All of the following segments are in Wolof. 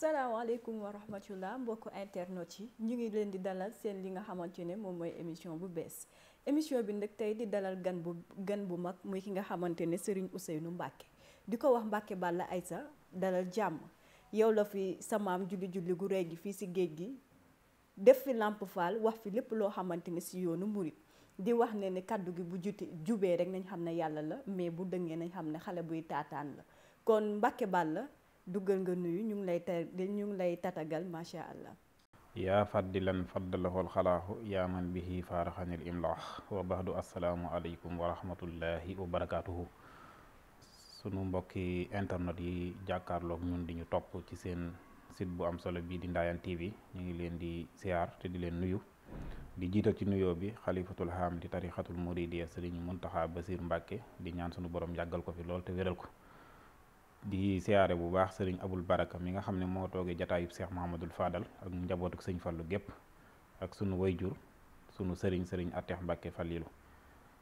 salaamaaleykum wa rahmatullah mbokk internet yi ñu ngi leen di dalal seen li nga xamante ne moom mooy émission bu bees émission bi nag tey di dalal gan bu gan bu mag muy ki nga xamante ne Serigne Ousseynou Mbacke di ko wax Mbacke ay sa dalal jàmm yow la fi sa maam julli-julli gu rëy gi fii si géej gi def fi Lamp Fall wax fi lépp loo xamante ne si yoonu murit di wax ne ne kàddu gi bu juti jubee rek nañ xam ne yàlla la mais bu dëngee nañ xam ne xale buy taataan la kon Mbacke Balla duggal nga nuyu ñu ngi lay ta ñu ngi lay tatagal macha allah. yaa faddilan faddalahol xalaaxu yaa man bihi faaraxanil imlaax wa baxdu assalaamu aleykum wa rahmatullahi wa barakaatuhu sunu mbokki internet yi jàkkaarloog ñun di ñu topp ci seen site bu am solo bii di Ndayane TV ñu ngi leen di siyaar te di leen nuyu di jiital ci nuyoo bi xalifatul haam di tarixatul muridiya sëriñ Muntaxa Basiir Mbàkke di ñaan sunu borom yàggal ko fi lool te wéral ko di siyaare bu baax sëriñ abul baraka mi nga xam ne moo toogee jataayub seex Muhammadul Fadal ak njabootuk sëñ Fallu gépp ak sunu jur sunu sëriñ sëriñ Ateex Mbàkke Falilu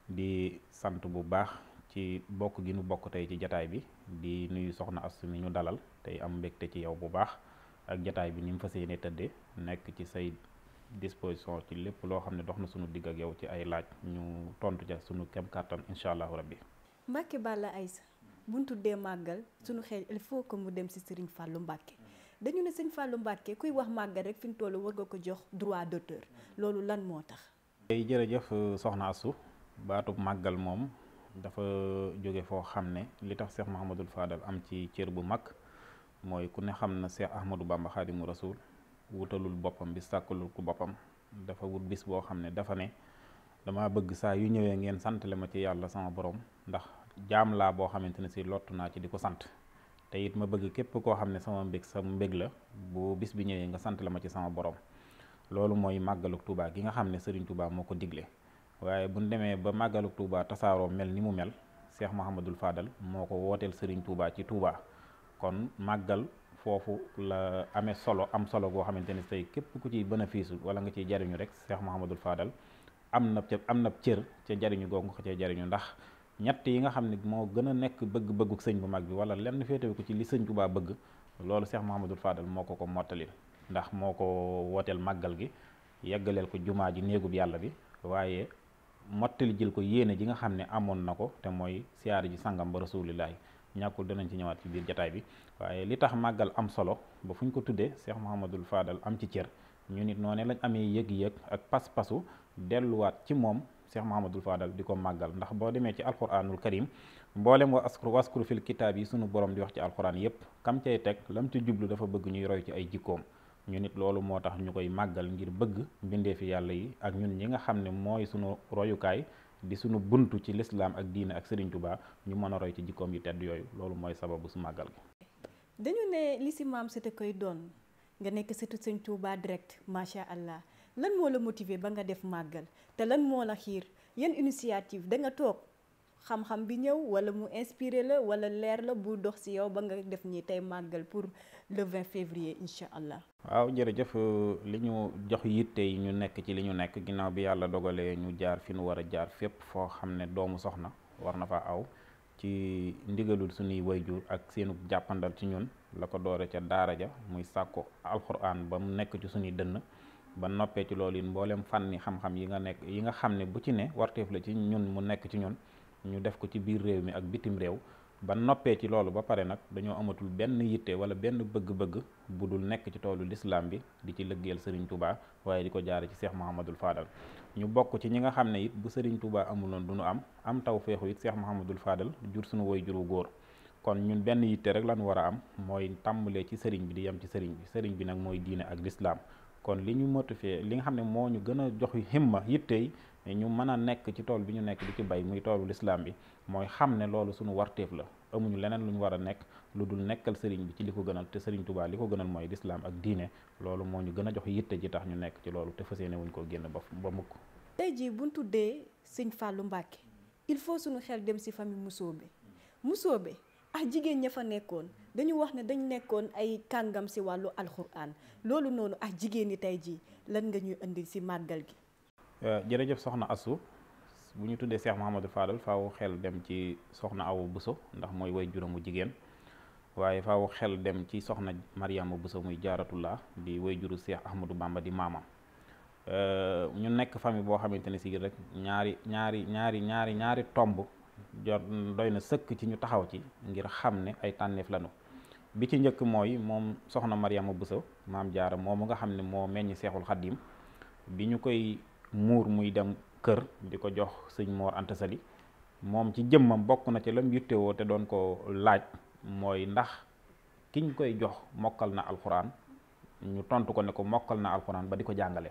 di sant bu baax ci bokk gi nu bokk tey ci jataay bi di nuyu soxna Astu mi ñu dalal tey am mbégte ci yow bu baax ak jataay bi ni mu fas tëdde nekk ci say disposition ci lépp loo xam ne dox na sunu digg ak yow ci ay laaj ñu tontu ca sunu kem kàttan incha allahu rabbi bu ñu tuddee màggal suñu xel il faut que mu dem si Serigne Fallou Mbacké dañu ne Serigne Fallou Mbacké kuy wax màggal rek fi mu toll war nga ko jox droit d'auteur loolu lan moo tax. tey eh, jërëjëf euh, soxna Astou baatu màggal moom dafa euh, jóge foo xam ne li tax ma Mahamadul Fadal am ci cër bu mag mooy ku ne xam na Cheikh Ahmadou Bamba Xaadimu rasuul wutalul boppam bi sàkkalul ku boppam dafa wut bis boo xam ne dafa ne dama bëgg saa yu ñëwee ngeen santale ma ci yàlla sama borom ndax jaam laa boo xamante ne si lottu naa ci di ko sant te it ma bëgg képp koo xam ne sama mbég sama mbég la boo bis bi ñëwee nga sant la ma ci sama borom loolu mooy màggaluk Touba gi nga xam ne Serigne Touba moo ko digle waaye bu ñu demee ba màggaluk Touba tasaaroo mel ni mu mel Cheikh Mouhamadul Fadal moo ko wooteel Serigne Touba ci Touba kon màggal foofu la amee solo am solo goo xamante ne tey képp ku ciy bénéfice wala nga ciy jariñu rek Cheikh Mouhamadul Fadal am na am na cër ca jariñu googu jariñu ndax ñett yi nga xam ne moo gën a nekk bëgg-bëggu sëñ bu mag bi wala lenn féetewu ko ci li sëñ Tuubaa bëgg loolu Cheikh Mahamadul Fadal moo ko ko mottali ndax moo ko wooteel màggal gi yeggaleel ko jumaa ji néegub yàlla bi waaye mottali jël ko yéene ji nga xam ne amoon na ko te mooy siyaare ji sangam ba rasulillahi ñàkkul danañ ci ñëwaat ci biir jataay bi waaye li tax màggal am solo ba fu ñu ko tuddee Cheikh Mahamadul faadal am ci cër ñu nit noonu amee yëg-yëg ak pas delluwaat ci moom Cheikh Mahamadul Fadal di ko màggal ndax boo demee ci alquranul karim mboolem wa askru waskru fil kitaab yi sunu borom di wax ci alquran yépp kam cay teg lam ci jublu dafa bëgg ñuy roy ci ay jikkoom ñu nit loolu moo tax ñu koy màggal ngir bëgg mbindeefi yàlla yi ak ñun ñi nga xam ne mooy sunu royukaay di sunu bunt ci lislaam ak diine ak Serigne Touba ñu mën a roy ci jikkoom yi tedd yooyu loolu mooy sababu su màggal gi. dañu ne li si maam sëtë koy doon lan moo la motiver ba nga def màggal te lan moo la xiir yan initiative da nga toog xam-xam bi ñëw wala mu inspiré la wala leer la bu dox ci yow ba nga def nii tey màggal pour le 20 février incha allah. waaw jërëjëf li ñu jox yitte yi ñu nekk ci li ñu nekk ginnaaw bi yàlla dogalee ñu jaar fi ñu war a jaar fépp foo xam ne doomu soxna war na fa aw ci ndigalul suñuy jur ak seenu jàppandal ci ñun la ko doore ca daara ja muy sàkku alxuraan ba mu nekk ci suñuy dënn. ba noppee ci loolu mbooleem mboolem fànni xam-xam yi nga nekk yi nga xam ne bu ci ne warteef la ci ñun mu nekk ci ñun ñu def ko ci biir réew mi ak bitim réew ba noppee ci loolu ba pare nag dañoo amatul benn yitte wala benn bëgg-bëgg bu dul nekk ci toolu lislaam bi di ci lëggeel Serigne Touba waaye di ko jaare ci Cheikh Mouhamadul faadal ñu bokk ci ñi nga xam ne it bu Serigne tubaa amuloon du ñu am am taw feexu it seex Mouhamadul Fadal jur suñu woy juru góor kon ñun benn yitte rek lañu war a am mooy tàmbalee ci sëriñ bi di yem ci sëriñ bi sëriñ bi nag mooy diine ak lislaam kon li ñu motiver li nga xam ne moo ñu gën a jox himma yittey ñu mën a nekk ci tool bi ñu nekk di ci bay muy toolu lislaam bi mooy xam ne loolu suñu warteef la amuñu leneen lu ñu war a nekk lu dul nekkal sëriñ bi ci li ko gënal te sëriñ Tuubaa li ko gënal mooy lislaam ak diine loolu moo ñu gën a jox yitte ji tax ñu nekk ci loolu te fas yéene wuñ ko génn ba ba mukk tey jii buñ tuddee sëñ Fàllu Mbàkke il faut suñu xel dem si famille Musoobe Musoobe ah jigéen ña fa nekkoon dañu wax ne dañ nekkoon ay kàngam si wàllu alxuraan loolu noonu ak ah, jigéen ñi tey jii lan nga ñuy indi si màggal gi. Euh, jërëjëf soxna Asou bu ñu tuddee Cheikh Mouhamadou Fadal faw xel dem ci soxna Awa Bousso ndax mooy way juróomu jigéen waaye faw xel dem ci soxna Mariama buso muy jaaratullah di way juru Cheikh Ahmadou Bamba di maamam. Euh, ñu nekk famille boo xamante ne si rek ñaari ñaari ñaari ñaari ñaari tomb jot doy na sëkk ci ñu taxaw ci ngir xam ne ay tànneef lañu bi ci njëkk mooy moom soxna Mariama Bousso maam jaara mu nga xam ne moo meññ seexul xaddim bi ñu koy muur muy dem kër di ko jox sëñ Moor Anta Sali moom ci jëmmam bokk na ci lam yittewoo te doon ko laaj mooy ndax kiñ koy jox mokkal na alxuraan ñu tontu ko ne ko mokkal na alxuraan ba di ko jàngale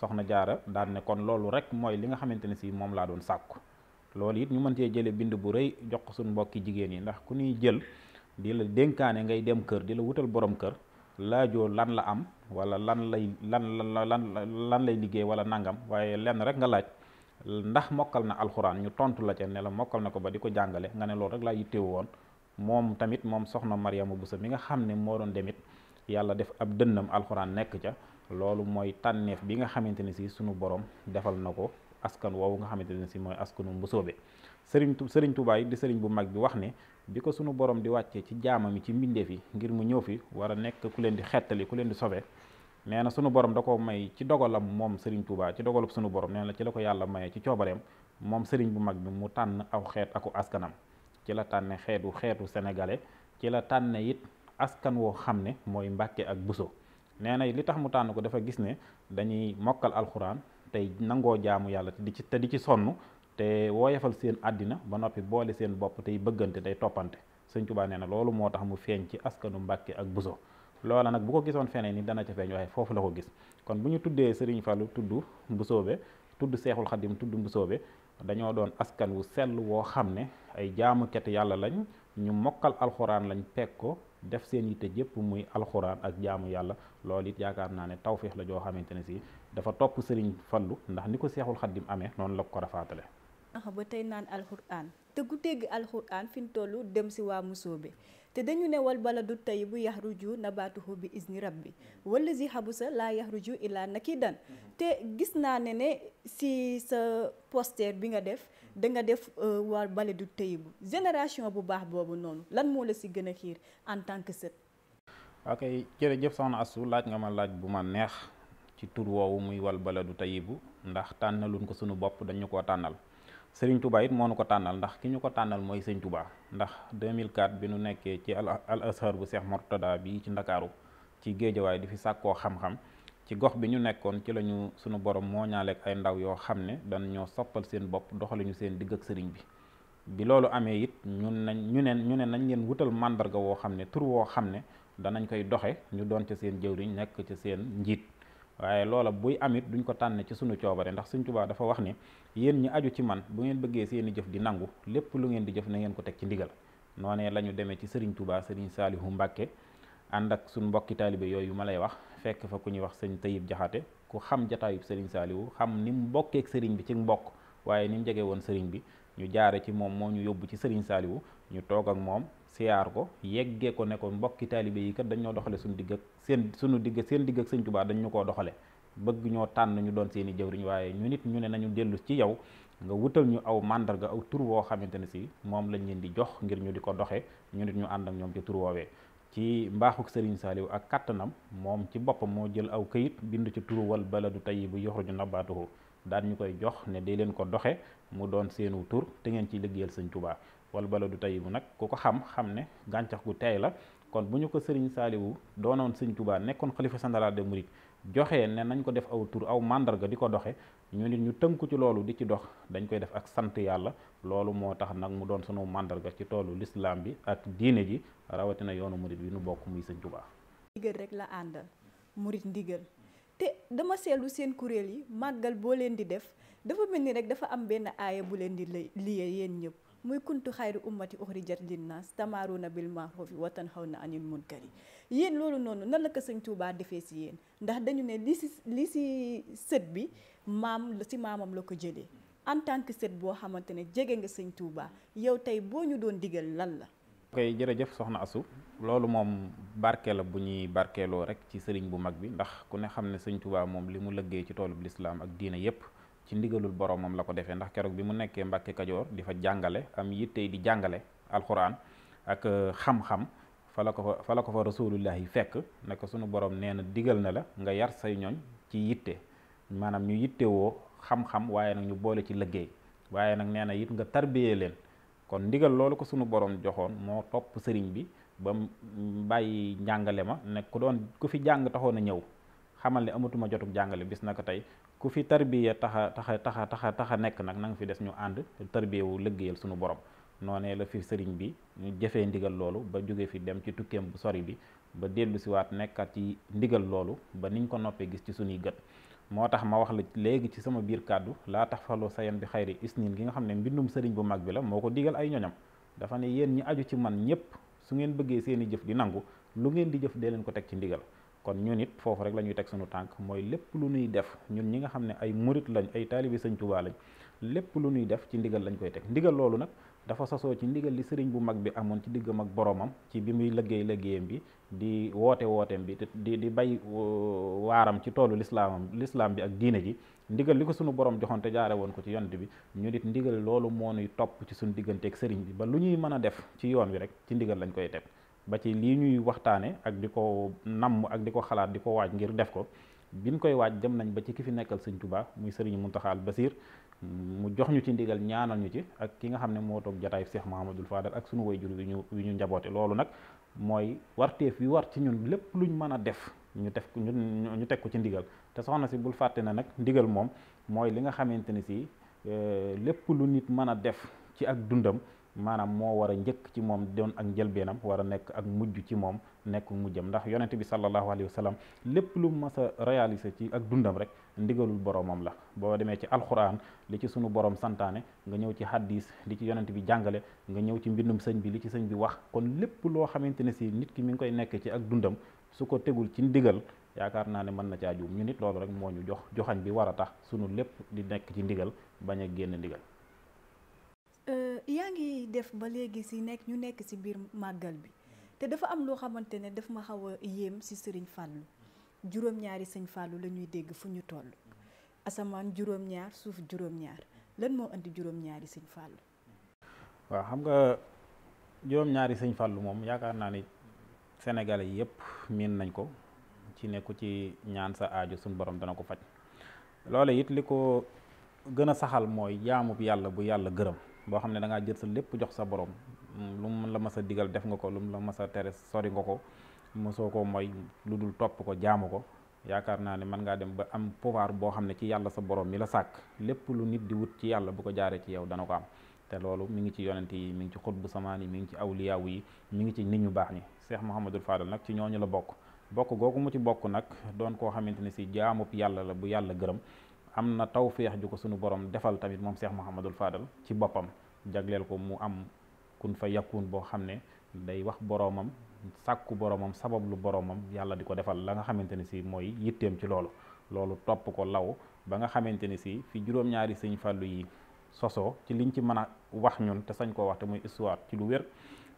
soxna jaara daan ne kon loolu rek mooy li nga xamante ne si moom laa doon sàkku loolu it ñu mën cee jële bind bu rëy jox ko suñ mbokki jigéen yi ndax di la dénkaane ngay dem kër di la wutal borom kër laajoo lan la am wala lan lay lan lan lan lay liggéey wala nangam waaye lenn rek nga laaj ndax mokkal na alxuraan ñu tontu la ca ne la mokkal na ko ba di ko jàngale nga ne loolu rek laa yittewu woon moom tamit moom soxna Mariama Bousso mi nga xam ne moo doon demit yàlla def ab dënnam alxuraan nekk ca loolu mooy tànneef bi nga xamante ne si sunu borom defal na ko askan woowu nga xamante ne si mooy askanu Mbusoobe sëriñ sëriñ di sëriñ bu mag bi wax ne bi ko sunu borom di wàccee ci jaamam yi ci mbindeef yi ngir mu ñëw fi war a nekk ku leen di xettali ku leen di sobe nee na sunu borom da ko may ci dogalam moom sëriñ Tuubaa ci dogalub sunu borom nee na ci la ko yàlla mayee ci coobareem moom sëriñ bu mag bi mu tànn aw xeet ak askanam ci la tànne xeetu xeetu sénégalais ci la tànne it askan woo xam ne mooy Mbàkke ak Buso nee na li tax mu tànn ko dafa gis ne dañuy mokkal alxuraan tey nangoo jaamu yàlla di ci te di ci sonn te wooyefal seen àddina ba noppi boole seen bopp tey bëggante day toppante sëñ Tuubaa nee na loolu moo tax mu feeñ ci askanu Mbàkke ak Buso loola nag bu ko gisoon feneen ni dana ca feeñ waaye foofu la ko gis kon bu ñu tuddee Sëriñ Fallu tudd Mbusoobe tudd Seexul Xadim tudd Mbusoobe dañoo doon askan wu sell woo xam ne ay jaamukati yàlla lañ ñu mokkal alxuraan lañ peg ko def seen yitte yépp muy alxuraan ak jaamu yàlla loolu it yaakaar naa ne tawféex la joo xamante ne si dafa topp Sëriñ Fallu ndax ni ko Seexul Xadim amee noonu la ko rafaatale ba tey naan alxuraan te ku dégg alxuraan fi mu toll dem si waa bi te dañu ne wal baladu tayyibu yaxruju nabaatuhu bi is bi izni si xabu xabusa laa yaxruju illaa nakidan te gis naa ne ne si sa poster bi nga def danga nga def euh, wal baladu tayyibu génération bu baax boobu noonu lan moo la si gën a xiir en tant que set ok jërëjëf soxna Astou laaj nga ma laaj bu ma neex ci tur woowu muy wal baladu tayyibu ndax tànnaluñ ko sunu bopp dañu koo tànnal. sëriñ Touba it moo nu ko tànnal ndax ki ñu ko tànnal mooy Serigne Touba ndax 2004 bi nu nekkee ci al ashar bu Cheikh Mortada bii ci ndakaaru ci géejawaay di fi sàkkoo xam-xam ci gox bi ñu nekkoon ci lañu sunu borom moo ñaaleeg ay ndaw yoo xam ne dañ ñoo soppal seen bopp doxali ñu seen digg ak sëriñ bi bi loolu amee it ñun nañ ñu neen ñu ne nañ leen wutal màndarga woo xam ne tur woo xam ne danañ koy doxe ñu doon ca seen jëwriñ nekk ca seen njiit waaye loola buy amit duñ ko tànn ci sunu coobare ndax sëñ tubaa dafa wax ni yéen ñi aju ci man bu ngeen bëggee seeni jëf di nangu lépp lu ngeen di jëf na ngeen ko teg ci ndigal noonee la ñu demee ci sëriñ tubaa sëriñ saalihu mbàkke ànd ak suñ mbokki taalibe yooyu ma lay wax fekk fa ku ñuy wax sëñ tayib jaxate ku xam jataayub sëriñ saalihu xam ni mu mbokkeek sëriñ bi ci mbokk waaye ni mu jege woon sëriñ bi ñu jaare ci moom moo ñu yóbbu ci sëriñ saalihu ñu toog ak moom siyaar ko yeggee ko ne ko mbokki taalibe yi kat dañoo doxale suñu digg ak seen suñu digg seen digg ak sëñ Tuubaa dañ ñu koo doxale bëgg ñoo tànn ñu doon seeni i jëwriñ waaye ñu nit ñu ne nañu dellu ci yow nga wutal ñu aw màndarga aw tur woo xamante ne si moom lañ leen di jox ngir ñu di ko doxee ñu nit ñu ànd ak ñoom ci tur woowee ci mbaaxuk Serigne saaliw ak kàttanam moom ci boppam moo jël aw këyit bindu ci turu wal baladu tayyibu yuxruju nabaatuhu daan ñu koy jox ne dee leen ko doxe mu doon seenu tur te ngeen ciy liggéeyal sëñ Tuubaa du baladu tayyibu nag ku ko xam xam ne gàncax gu teey la kon bu ñu ko sëriñ saaliwu doonoon sañ Tuubaa nekkoon xalifa général des mourides joxe ne nañ ko def aw tur aw màndarga di ko doxe ñu nit ñu ci loolu di ci dox dañ koy def ak sant yàlla loolu moo tax nag mu doon sunu màndarga ci toolu lislaam bi ak diine ji rawatina yoonu murit bi nu bokk muy sëñ Tuubaa ndigal rek la àndal murit dama seetlu seen kuréel yi màggal boo leen di def dafa mel ni rek dafa am benn aaya bu leen di liyee yéen ñëpp muy kuntu xayru ummati uxrijat linnaas tamaaruuna bil maarufi wa tanhawna anil munkari yéen loolu noonu nan la ko sëñ Tuubaa defee si yéen ndax dañu ne li si li si sët bi maam ci maamam la ko jëlee en tant que sët boo xamante ne jege nga sëñ Tuubaa yow tey boo ñu doon digal lan la. koy jërëjëf soxna Asu loolu moom barke la bu ñuy barkeeloo rek ci sëriñ bu mag bi ndax ku ne xam ne sëñ Tuubaa moom li mu lëggee ci toolub lislaam ak diina yépp ci ndigalul boromam la ko defee ndax keroog bi mu nekkee Mbàkke Kajoor di fa jàngale am yittey di jàngale alxuraan ak euh, xam-xam fa la ko fa fa la ko yi fekk ne ko sunu borom nee na digal na la nga yar say ñooñ ci yitte maanaam ñu yittewoo xam-xam waaye nag ñu boole ci liggéey waaye nag nee na it nga tarbiyee leen kon ndigal loolu ko sunu borom joxoon moo topp sëriñ bi ba mu bàyyi njàngale ma ne ku doon ku fi jàng taxoon a ñëw xamal ne amatuma jotug jàngale bis na ko tey ku fi tarbiya taxa taxa taxa taxa taxa nekk nag na nga fi des ñu ànd tarbiya wu liggéeyal suñu borom noonee la fi sëriñ bi ñu jëfee ndigal loolu ba jóge fi dem ci tukkeem bu sori bi ba dellu siwaat nekkat ci ndigal loolu ba niñ ko noppee gis ci suñuy gët moo tax ma wax la léegi ci sama biir kàddu laa tax faloo sayan bi xayri isnin gi nga xam ne mbindum sëriñ bu mag bi la moo ko digal ay ñoñam dafa ne yéen ñi aju ci man ñëpp su ngeen bëggee seeni jëf di nangu lu ngeen jëf dee leen ko teg ci ndigal kon ñun it foofu rek la ñuy teg sunu tànk mooy lépp lu ñuy def ñun ñi nga xam ne ay murit lañ ay taalibi sëñ Tuubaa lañ lépp lu ñuy def ci ndigal lañu koy teg ndigal loolu nag dafa sasoo ci ndigal li sëriñ bu mag bi amoon ci diggam ak boromam ci bi muy liggéey liggéeyam bi di woote wooteem bi di di bay waaram ci toolu lislaamam lislaam bi ak diine ji ndigal li ko sunu borom joxante jaare woon ko ci yonent bi ñu nit ndigal loolu moo nuy topp ci suñu digganteeg sëriñ bi ba lu ñuy mën a def ci yoon wi rek ci ndigal lañ koy teg ba ci lii ñuy waxtaane ak di ko namm ak di ko xalaat di ko waaj ngir def ko bin koy waaj dem nañ ba ci ki fi nekkal sëñ Tuubaa muy sëriñ Muntaxa al Basiir mu jox ñu ci ndigal ñaanal ñu ci ak ki nga xam ne moo toog jataay Cheikh Mahamadul Fadal ak sunu wayjur wi ñu wi ñu njaboote loolu nag mooy warteef wi war ci ñun lépp lu ñu mën a def ñu def ñu teg ko ci ndigal te soxna si bul fàtte na nag ndigal moom mooy li nga xamante ni si eh, lépp lu nit mën a def ci ak dundam maanaam moo war a njëkk ci moom doon ak njëlbeenam war a nekk ak mujj ci moom nekk mujjam ndax yonent bi sallallahu alayhi wa sallam lépp lu mas a réaliser ci ak dundam rek ndigalul boromam la boo demee ci alxuraan li ci sunu borom santaane nga ñëw ci hadis li ci yonent bi jàngale nga ñëw ci mbindum sëñ bi li ci sëñ bi wax kon lépp loo xamante ne si nit ki mi ngi koy nekk ci ak dundam su ko tegul ci ndigal yaakaar naa ne mën na caa juum ñu nit loolu rek moo ñu jox joxañ bi war a tax sunu lépp di nekk ci ndigal bañ a génn ndigal yaa ngi def ba léegi si nekk ñu nekk si biir màggal bi te dafa am loo xamante ne daf ma xaw a yéem ci sëriñ fàllu juróom-ñaari sëñ fàllu la dégg fu ñu toll asamaan juróom-ñaar suuf juróom moo indi juróom-ñaari sëñ fàllu waaw xam nga juróom-ñaari sëñ moom yaakaar naa ni sénégalais yëpp miin nañ ko ci ne ci ñaan sa aajo suñ borom dana ko faj loole it li ko gën a saxal mooy jaamu yàlla bu yàlla gërëm boo xam ne da jël sa lépp jox sa borom lu mu la mas a digal def nga ko lu mu la mas a tere sori nga ko mosoo ko mooy lu dul topp ko jaamu ko yaakaar naa ne mën ngaa dem ba am pouvoir boo xam ne ci yàlla sa borom mi la sàkk lépp lu nit di wut ci yàlla bu ko jaaree ci yow dana ko am te loolu mu ngi ci yonent yi mi ngi ci xutbu samaan yi mi ngi ci awliyaawu yi mi ngi ci nit ñu baax ñi Cheikh Mouhamadul Fadal nag ci ñooñu la bokk bokk googu mu ci bokk nag doon koo xamante ne si jaamub yàlla la bu yàlla gërëm am na taw feex ju ko sunu borom defal tamit moom seex Mouhamadul Fadal ci boppam jagleel ko mu am kun fa yakun boo xam ne day wax boromam sàkku boromam sabablu boromam yàlla di ko defal la nga xamante ne si mooy yitteem ci loolu loolu topp ko law ba nga xamante ni si fi juróom-ñaari sëñ fàllu yi sosoo ci liñ ci mën a wax ñun te sañ koo wax te muy histoire ci lu wér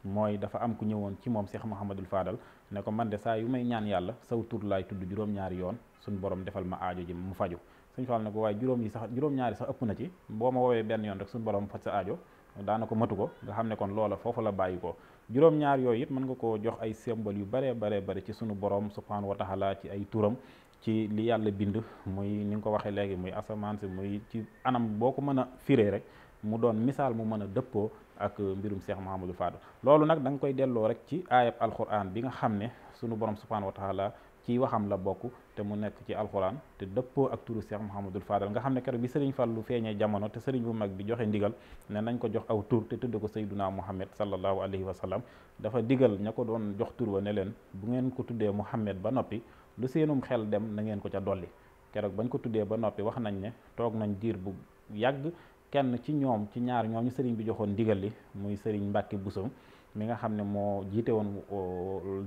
mooy dafa am ku ñëwoon ci moom Cheikh Mouhamadul Fadal ne ko man de saa yu may ñaan yàlla saw tur tudd juróom-ñaari yoon suñ borom defal ma aajo ji mu faju suñu faal ne ko waaye juróom yi sax juróom-ñaari sax ëpp na ci boo ma woowee benn yoon rek suñu borom faj sa aajo daana ko matu ko nga xam ne kon loola foofu la bàyyi ko juróom-ñaar yooyu it mën nga koo jox ay symbole yu baree baree bari ci suñu boroom subhanahu wa taala ci ay turam ci li yàlla bind muy ni nga ko waxee léegi muy asamaan si muy ci anam boo ko mën a firee rek mu doon misaal mu mën a dëppoo ak mbirum seex Cheikh Mahamadou Fadal loolu nag da nga koy delloo rek ci aayab alquran bi nga xam ne sunu borom subhanahu wa taala ci waxam la bokk te mu nekk ci alxuraan te dëppoo ak turu Cheikh Mouhamadul Fadal nga xam ne keroog bi Serigne lu feeñee jamono te Serigne bu mag bi joxe ndigal ne nañ ko jox aw tur te tudd ko Sayyiduna Muhammad sallallahu alayhi wa sallam dafa digal ña ko doon jox tur wa ne leen bu ngeen ko tuddee Muhammad ba noppi lu seenum xel dem na ngeen ko ca dolli keroog bañ ko tuddee ba noppi wax nañ ne toog nañ diir bu yàgg kenn ci ñoom ci ñaar ñooñu Serigne bi joxoon ndigal li muy Serigne Mbacke Bousso mi nga xam ne moo jiite woon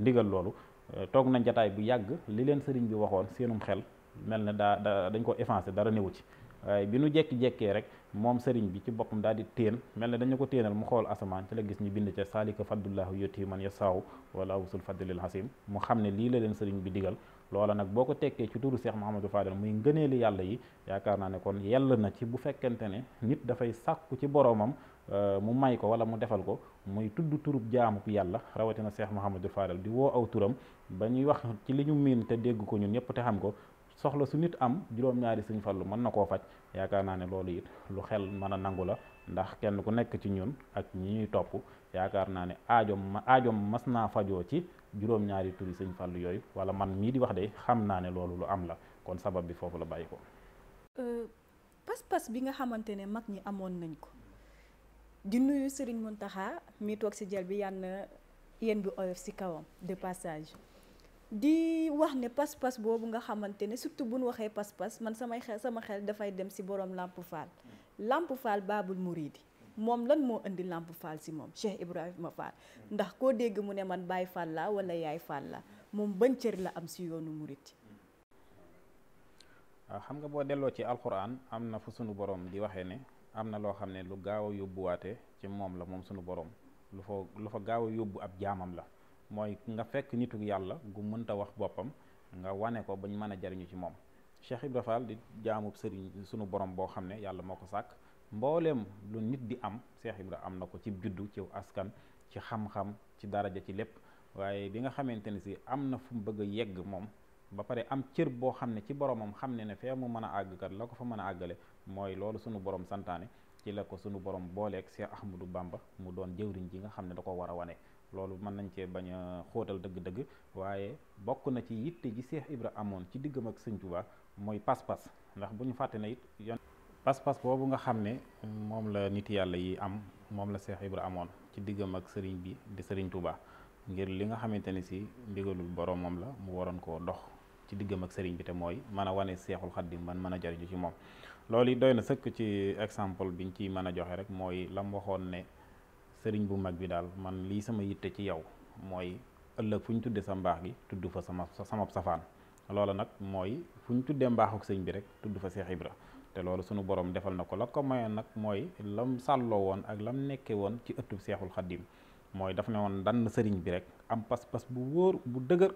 ndigal loolu Euh, toog nañ jataay bu yàgg li leen sëriñ bi waxoon seenum xel mel na daa da dañ ko effacé dara newu ci waaye bi nu jekki-jekkee rek moom sëriñ bi ci boppam daal di téen mel ne dañu ko téenal mu xool asamaan ci la gis ñu bind ca saalika fadlullahu yotti man ya saaw wala awsul fadlil hasim mu xam ne lii la leen sëriñ bi digal loola nag boo ko tekkee ci turu Cheikh Mouhamadou Fadel muy ngëneeli yàlla yi yaakaar naa ne kon yell na ci bu fekkente ne nit dafay sàkku ci boroomam Euh, mu may ko wala mu defal ko muy tudd turub jaamu yàlla rawatina Cheikh Mouhamadou Fadal di woo aw turam ba ñu wax ci li ñu miin te dégg ko ñun ñëpp te xam ko soxla su nit am juróom-ñaari sëñ fallu mën na koo faj yaakaar naa ne loolu it lu xel mën a nangu la ndax kenn ku nekk ci ñun ak ñi ñuy topp yaakaar naa ne aajoom ma aajoom mas naa fajoo ci juróom-ñaari turi sëñ fallu yooyu wala man mii di wax de xam naa ne loolu lu am la kon sabab bi foofu la bàyyi ko. Euh, pas amoon nañ ko. di nuyu Serigne Mountakha mi toog ci jël bi yànn yéen bi oyof si kawam de passage di wax ne pas-pas boobu nga xamante ne surtout bu nu waxee pas-pas man samay xel sama xel dafay dem si boroom Lamp Fall làmp Fall Baabul Muridi moom lan moo indi Lamp Fall si moom Cheikh Ibrahima Fall ndax koo dégg mu ne man Baay Fall la wala Yaay Fall la moom ban cër la am si yoonu murit ah, xam nga boo delloo ci alxuraan am na fu sunu borom di waxee ne am na loo xam ne lu gaaw a yóbbuwaate ci moom la moom sunu borom lu fa lu fa gaaw a yóbbu ab jaamam la mooy nga fekk nituk yàlla gu mënta wax boppam nga wane ko bañ mën a jariñu ci moom Cheikh Ibra Fall di jaamub sëriñ sunu borom boo xam ne yàlla moo ko sàkk mbooleem lu nit di am Cheikh Ibra am na ko ci juddu ci askan ci xam-xam ci daraja ci lépp waaye bi nga xamante ne si am na fu mu bëgg a yegg moom ba pare am cër boo xam ne ci boromam xam ne ne fee mu mën a àgg kat la ko fa mën a àggale mooy loolu sunu borom santaane ci la ko sunu borom booleeg Cheikh Ahmadou Bamba mu doon jëwriñ ji nga xam ne da ko war a wane loolu mën nañ cee bañ xootal dëgg-dëgg waaye bokk na ci yitte ji Cheikh Ibra amoon ci diggam ak Sëñ Tuubaa mooy pas-pas ndax bu ñu fàtte ne it yon pas-pas boobu nga xam ne moom la nit yàlla yi am moom la Cheikh Ibra amoon ci diggam ak sëriñ bi di Sëriñ Tuubaa ngir li nga xamante ne si ndigalul borom moom la mu waroon koo dox ci diggam ak sëriñ bi te mooy mën a wane seexul xaddim ban mën a jariñu ci moom loolu yi doy na sëkk ci exemple biñ ci mën a joxe rek mooy lam waxoon ne sëriñ bu mag bi daal man lii sama yitte ci yow mooy ëllëg fu ñu tudde sa mbaax gi tudd fa sama sama safaan loola nag mooy fu ñu tuddee mbaaxuk sëñ bi rek tudd fa Seex Ibra te loolu sunu borom defal na ko la ko mayoon nag mooy lam sàlloo woon ak lam nekke woon ci ëttub Seexul Xaddim mooy daf ne woon dann sëriñ bi rek am pas-pas bu wóor bu dëgër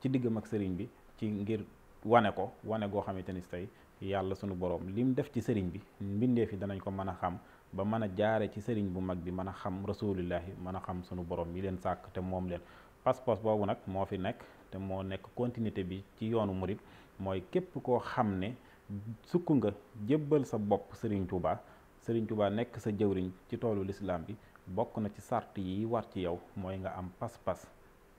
ci diggam ak sëriñ bi ci ngir wane ko wane goo xamante ni tey yàlla sunu borom lim def ci sëriñ bi mbindeef yi danañ ko mën a xam ba mën a jaare ci sëriñ bu mag bi mën a xam rasulillahi mën a xam sunu borom yi leen sàkk te moom leen pas-pas boobu nag moo fi nekk te moo nekk continuité bi ci yoonu murit mooy képp koo xam ne sukk nga jëbbal sa bopp sëriñ Touba sëriñ Touba nekk sa jëwriñ ci toolu lislaam bi bokk na ci sart yi war ci yow mooy nga am pas-pas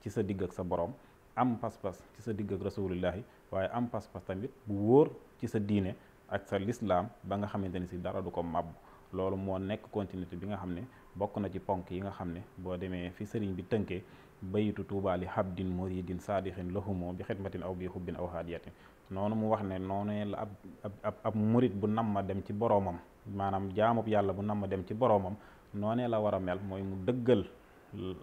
ci sa digg ak sa borom am pas-pas ci sa digg ak rasulillahi waaye am pas-pas tamit bu wóor ci sa diine ak sa lislaam ba nga xamante ni si dara du ko màbb loolu moo nekk continuité bi nga xam ne bokk na ci ponk yi nga xam ne boo demee fi sëriñ bi tënkee bayitu tuubaali habdin muridin saadixin lahumoo bi xidmatin aw bi xubbin aw haadiyatin noonu mu wax ne noonu la ab ab ab murit bu nam ma dem ci boroomam maanaam jaamub yàlla bu nam ma dem ci boroomam noonee la war a mel mooy mu dëggal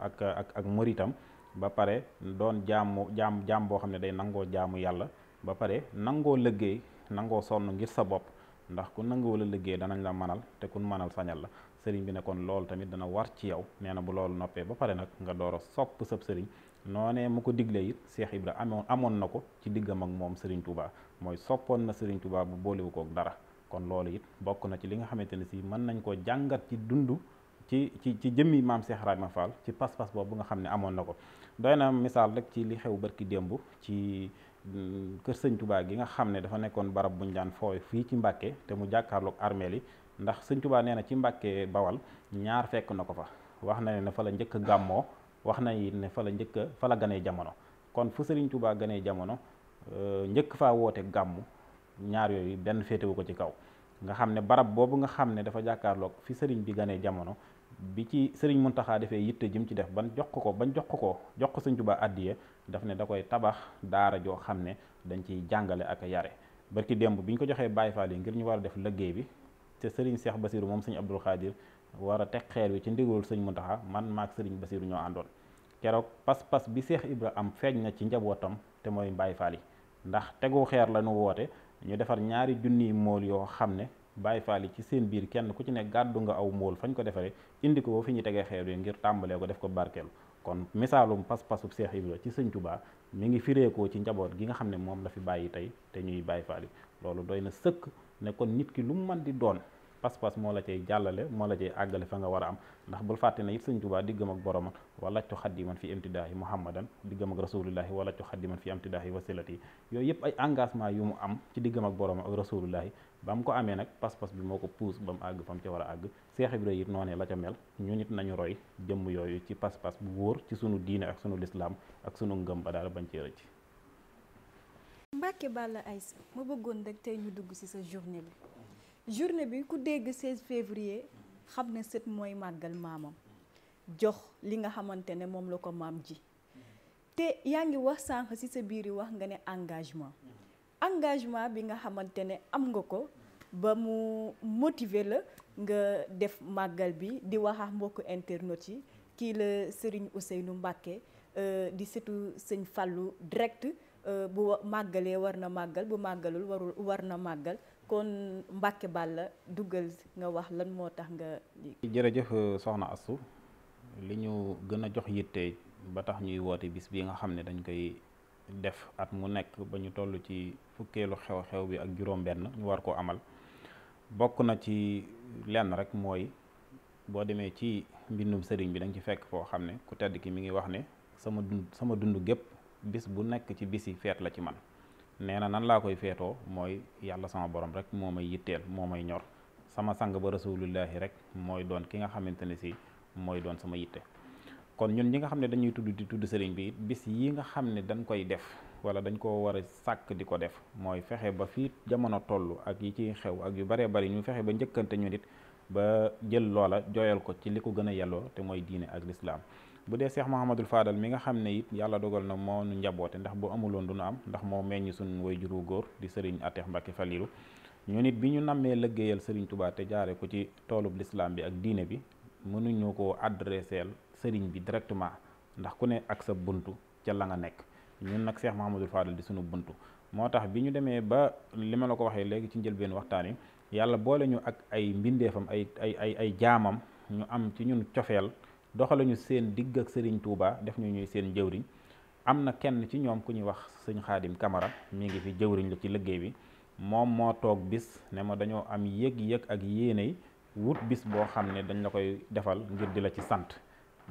ak ak ak muritam ba pare doon jaamu jaam jaam boo xam ne day nangoo jaamu yàlla ba pare nangoo liggéey nangoo sonn ngir sa bopp ndax ku nangoo la liggéey danañ la manal te kun manal sañal la sëriñ bi ne kon loolu tamit dana war ci yow nee na bu loolu noppee ba pare nag nga door sopp sab sëriñ noonee mu ko diglee it Cheikh Ibra amoon amoon na ko ci diggam ak moom sëriñ Touba mooy soppoon na sëriñ Touba bu boolewu kook dara kon loolu it bokk na ci li nga xamante ne si mën nañ koo jàngat ci dund ci ci ci jëmmi maam Cheikh ma Fall ci pas-pas boobu nga xam ne amoon na ko doy na misaal rek ci li xew barki démb ci mm, kër sëñ tubaa gi nga xam ne dafa nekkoon barab buñ daan fooy fii ci Mbàkke te mu jàkkaarloog armeel yi ndax sëñ Touba nee na ci Mbàkke Bawal ñaar fekk na ko fa wax na ne fa la njëkk a gàmmoo wax na it ne fa la njëkk a fa la ganee jamono kon fu sëriñ Touba ganee jamono euh, njëkk faa woote gàmmu ñaar yooyu benn féetewu ko ci kaw nga xam ne barab boobu nga xam ne dafa jàkkaarloog fi sëriñ bi ganee jamono bi ci sëriñ Muntaxa defee yitte jëm ci def ban jox ko ko bañ jox ko jox ko sëñ Tuubaa àddiye daf ne da koy tabax daara joo xam ne dañ ciy jàngale ak yare barki démb bi ñu ko joxee Baay Faal yi ngir ñu war a def liggéey bi te sëriñ Seex Basiru moom sëñ Abdul Xaadir war a teg xeer wi ci ndigalul sëñ Muntaxa man maak sëriñ Basiru ñoo àndoon keroog pas-pas bi Seex Ibra am feeñ na ci njabootam te mooy Baay Faal yi ndax tegu xeer la ñu woote ñu defar ñaari junniy mool yoo xam ne bàyyi faal yi ci seen biir kenn ku ci ne gàddu nga aw mool fañ ko defaree indi ko fi ñu tegee xeer yi ngir tàmbalee ko def ko barkeelu kon misaalum pas-pasu Seex Ibra ci sëñ Tuubaa mi ngi fireekoo ci njaboot gi nga xam ne moom la fi bàyyi tey te ñuy bàyyi faal loolu doy na sëkk ne kon nit ki lu mu mën di doon pas-pas moo la cay jàllale moo la cay àggale fa nga war a am ndax bul fàtte ne it sëñ Tuubaa diggam ak boromam wala co xaddiman fi imtidaahi muhammadan diggam ak rasulullahi wala co xaddiman fi imtidaahi wasilati yooyu yëpp ay engagement yu mu am ci diggam ak boromam ak rasulullahi ba mu ko amee nag pas-pas bi moo ko puus ba mu àgg fa mu ca war a àgg Seex Ibra it noonee la ca mel ñu nit nañu roy jëmm yooyu ci pas-pas bu wóor ci sunu diine ak sunu lislaam ak sunu ngëm ba daal bañ cee rëcc. Mbacke Balla Aïssa ma bëggoon rek tey ñu dugg ci sa journée bi journée bi ku dégg 16 février xam ne sët mooy màggal maamam jox li nga xamante ne moom la ko maam ji te yaa ngi wax sànq ci sa biir yi wax nga ne engagement. engagement bi nga xamante ne am nga ko ba mu motiver la nga def màggal bi di wax mbokk internet yi kii la Serigne Ousseynou Mbacké euh, di setu sëñ Fallou direct euh, bu màggalee war na màggal bu màggalul warul war na màggal kon Mbacké Balla dugal nga wax lan moo tax nga jërëjëf euh, soxna Astou li ñu gën a jox yitte ba tax ñuy woote bis bi nga xam ne dañ koy def at mu nekk ba ñu toll ci fukkeelu xew-xew bi ak juróom-benn ñu war koo amal bokk na ci lenn rek mooy boo demee ci mbindum sëriñ bi da ci fekk foo xam ne ku tedd ki mi ngi wax ne sama dund sama dund gépp bis bu nekk ci bisi feet la ci man nee na nan laa koy feetoo mooy yàlla sama borom rek moo may yitteel moo may ñor sama sang ba rasulullahi rek mooy doon ki nga xamante ne si mooy doon sama yitte kon ñun ñi nga xam ne dañuy tudd di tudd sëriñ bi it bis yi nga xam ne dañ koy def wala dañ koo war a sàkk di ko def mooy fexe ba fii jamono toll ak yi ci xew ak yu baree bari ñu fexe ba njëkkante ñu it ba jël loola jooyal ko ci li ko gën a yelloo te mooy diine ak lislaam bu dee Cheikh Mouhamadul Fadal mi nga xam ne it yàlla dogal na moo nu njaboote ndax bu amuloon du nu am ndax moo meññ suñ way juru góor di sëriñ Atex Mbacke Falilou ñu nit bi ñu nammee lëggéeyal sëriñ Touba te jaare ko ci toolub lislaam bi ak diine bi mënuñu koo adresseel sëriñ bi directement ndax ku ne ak sa buntu ca la nga nekk ñun nag Cheikh Mahamadul Fadal di sunu buntu moo tax bi ñu demee ba li ma la ko waxee léegi ci njëlbeen waxtaan yi yàlla boole ñu ak ay mbindeefam ay ay ay ay jaamam ñu am ci ñun cofeel doxale ñu seen digg ak sëriñ Touba def ñu ñuy seen jëwriñ am na kenn ci ñoom ku ñuy wax sëñ Xaadim Kamara mi ngi fi jëwriñ la ci liggéey bi moom moo toog bis ne ma dañoo am yëg-yëg ak yéene wut bis boo xam ne dañ la koy defal ngir di la ci sant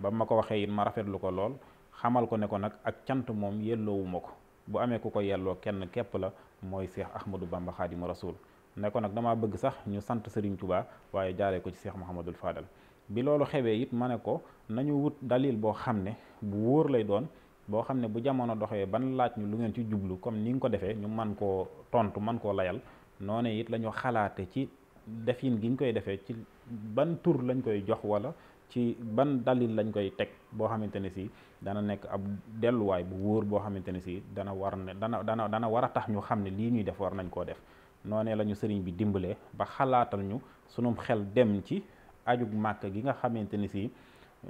ba ma ko waxee it ma rafetlu ko lool xamal ko ne ko nag ak cant moom yelloowu ko bu amee ku ko yelloo kenn képp la mooy Seex Ahmadou Bamba Xaadimu Rasuul ne ko nag damaa bëgg sax ñu sant Serigne Touba waaye jaaree ko ci Seex Muhammadul Fadal bi loolu xewee it ma ne ko nañu wut daliil boo xam ne bu wóor lay doon boo xam ne bu jamono doxee ban laaj ñu lu ngeen ci jublu comme ni nga ko defee ñu man koo tontu man koo layal noonu it la xalaate ci defin gi koy defee ci ban tur lañ koy jox wala ci ban dalil lañ koy teg boo xamante ne sii dana nekk ab delluwaay bu wóor boo xamante ne sii dana war ne dana dana dana war a tax ñu xam ne lii ñuy def war nañ koo def noonee la ñu sëriñ bi dimbalee ba xalaatal ñu sunum xel dem ci ajug màkk gi nga xamante ni si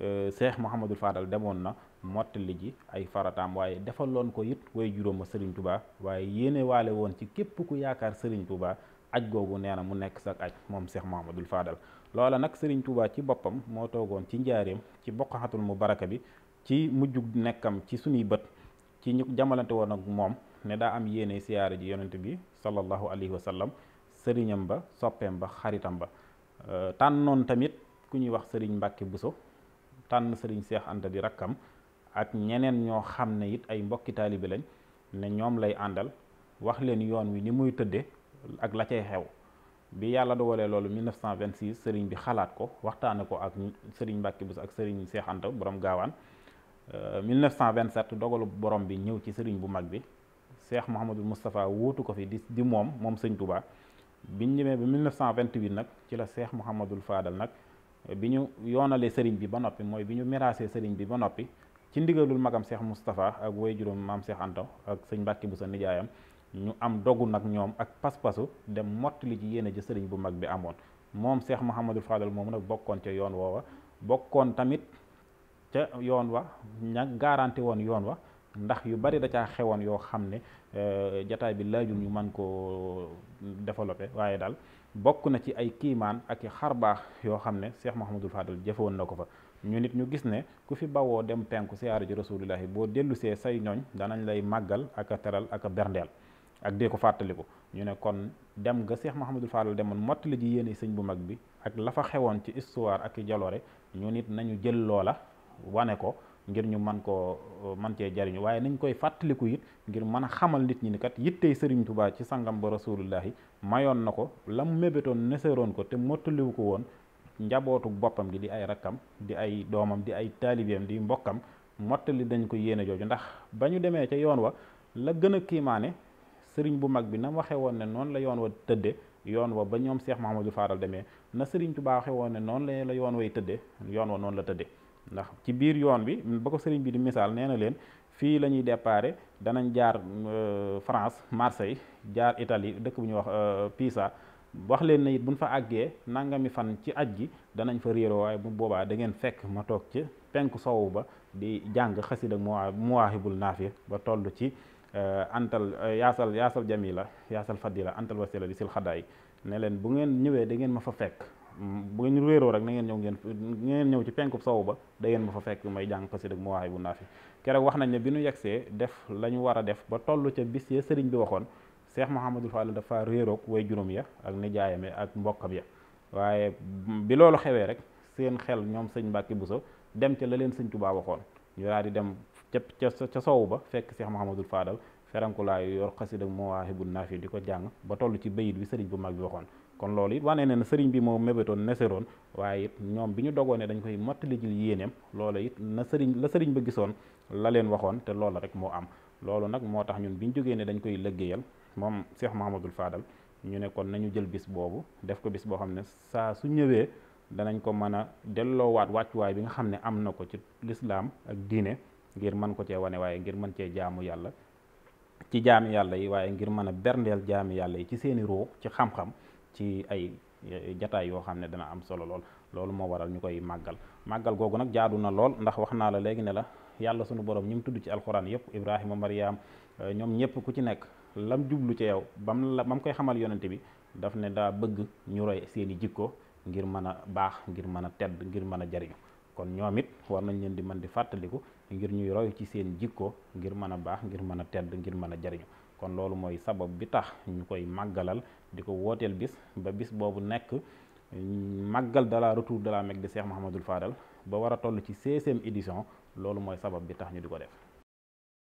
euh, Cheikh Mouhamadul Fadal demoon na mottali ji ay farataam waaye defaloon ko it way juróom a sëriñ Touba waaye yéene waale woon ci képp ku yaakaar sëriñ Touba aj googu nee na mu nekk sa aj moom Cheikh Mouhamadul Fadal loola nag sëriñ Touba ci boppam moo toogoon ci njaareem ci boqaxatul mu baraka bi ci mujjug nekkam ci suñuy bët ci ñu jamalante woon ak moom ne daa am yéene siyaare ji yonent bi sallallahu alayhi wa sallam sëriñam ba soppeem ba xaritam ba euh, tànnoon tamit ku ñuy wax sëriñ Mbàkke Buso tànn sëriñ Seex ànd di rakkam ak ñeneen ñoo xam ne it ay mbokki taalibe lañ ne ñoom lay àndal wax leen yoon wi ni muy tëdde ak la cay xew bi yàlla dogalee loolu 1926 sëriñ bi xalaat ko waxtaane ko ak sëriñ Mbàkke Bousso ak sëriñ Seex Anta borom gaawaan 1927 euh, dogalu borom bi ñëw ci sëriñ bu mag bi Seex Mouhamadul Moustapha wóotu ko fi di di moom moom sëñ Touba biñ demee ba 1928 nag ci la Seex Mouhamadul Faadal nag bi ñu yoonalee sëriñ bi ba noppi mooy bi ñu miraasee sëriñ bi ba noppi ci ndigalul magam Seex Moustapha ak woy juróom maam Seex Anta ak sëñ bu sa nijaayam ñu am dogu nag ñoom ak pas-pasu dem mottali ci yéene ja sëriñ bu mag bi amoon moom Cheikh Mouhamadul Fadal moom nag bokkoon ca yoon woowa bokkoon tamit ca yoon wa ña garanti woon yoon wa ndax yu bari da caa xewoon yoo xam ne euh, jataay bi laajul ñu mën koo développé waaye daal bokk na ci ay kiimaan ak i xar baax yoo xam ne Cheikh Mouhamadul Fadal jëfoon na ko fa ñu nit ñu gis ne ku fi bawoo dem penku siyaara ji rasulillahi boo dellusee say ñooñ danañ lay màggal ak a ak a ak dee ko fàttaliku ñu ne kon dem ga Cheikh Mouhamadul Fadal demoon mottali ji yéene sëñ bu mag bi ak la fa xewoon ci histoire ak i jaloore ñu nit nañu jël loola wane ko ngir ñu man koo man cee jariñu waaye nañ koy fàttaliku it ngir mën a xamal nit ñi ni kat yittey Sëriñ Tuubaa ci sangam ba rasulullahi mayoon na ko la mu mébétoon neseroon ko te mottaliwu ko woon njabootu boppam gi di ay rakkam di ay doomam di ay taalibeem di mbokkam mottali dañ ko yéene jooju ndax ba ñu demee ca yoon wa la gën a kiimaane sëriñ bu mag bi na waxee woon ne noonu la yoon wa tëdde yoon wa ba ñoom Cheikh Mahamadou faaral demee na sëriñ Tuubaa waxee woon ne noonu la la yoon way tëdde yoon wa noonu la tëdde ndax ci biir yoon bi ba ko sëriñ bi di misaal nee na leen fii la ñuy déparé danañ jaar euh, France Marseille jaar Italie dëkk bu ñuy wax euh, Pisa wax leen ne it buñ fa àggee nangami fan ci aj gi danañ fa réero waaye bu boobaa da ngeen fekk ma toog ca penku sowu ba di jàng xasida mu muwaahibul naafi ba toll ci Eh, antal eh, yaasal yaasal jamila yaasal fadila antal wasila di sil xadaay ne leen bu ngeen ñëwee da ngeen ma fa fekk mm, bu ngeen réeroo rek na ngeen ñëw ngeen ngeen ñëw ci penku sow ba da ngeen ma fa fekk may jàng xasida mu waxay bu naafi keroog wax nañ ne bi nu yegsee def la ñu war a def ba toll ca bis ya sëriñ bi waxoon seex Cheikh Mouhamadul Fall dafa réeroog way juróom ya ak nijaayam ya ak mbokkam ya waaye bi loolu xewee rek seen xel ñoom sëñ Mbàkke Buso dem ca la leen sëñ Tuubaa waxoon ñu ca ca sow ba fekk Cheikh Mouhamadul Fadal ferankulaayu yor xasida Mawaahibun Naafi di ko jàng ba toll ci bayit bi sëriñ bu mag bi waxoon kon loolu it wane na ne sëriñ bi moo mébétoon neseroon waaye ñoom bi ñu dogoon ne dañ koy mottali jil yéeneem loola it na sëriñ la sëriñ ba gisoon la leen waxoon te loola rek moo am loolu nag moo tax ñun bi ñu jógee ne dañ koy lëggéeyal moom Cheikh Mahamadul faadal ñu ne kon nañu jël bis boobu def ko bis boo xam ne saa su ñëwee danañ ko mën a delloowaat wàccuwaay bi nga xam ne am na ko ci lislaam ak diine ngir man ko cee wane waaye ngir mën cee jaamu yàlla ci jaami yàlla yi waaye ngir mën a berndeel jaami yàlla yi ci seeni ruux ci xam-xam ci ay jataay yoo xam ne dana am solo lool loolu moo waral ñu koy màggal màggal googu nag jaadu na lool ndax wax naa la léegi ne la yàlla sunu borom ñi mu tudd ci alxuraan yëpp Ibrahima Mariam euh, ñoom ñëpp ku ci nekk lam jublu ci yow bam la bam koy xamal yonente bi daf ne daa bëgg ñu roy seeni jikko ngir mën a baax ngir mën a tedd ngir mën a jariñu kon ñoom it di mën di ngir ñuy roy ci seen jikko ngir mën a baax ngir mën a tedd ngir mën a jariñu kon loolu mooy sabab bi tax ñu koy màggalal di ko wooteel bis ba bis boobu nekk maggal mm, de la retour de la Mecque de Cheikh Mouhamadul Fadal ba war a toll ci 16e édition loolu mooy sabab bi tax ñu di ko def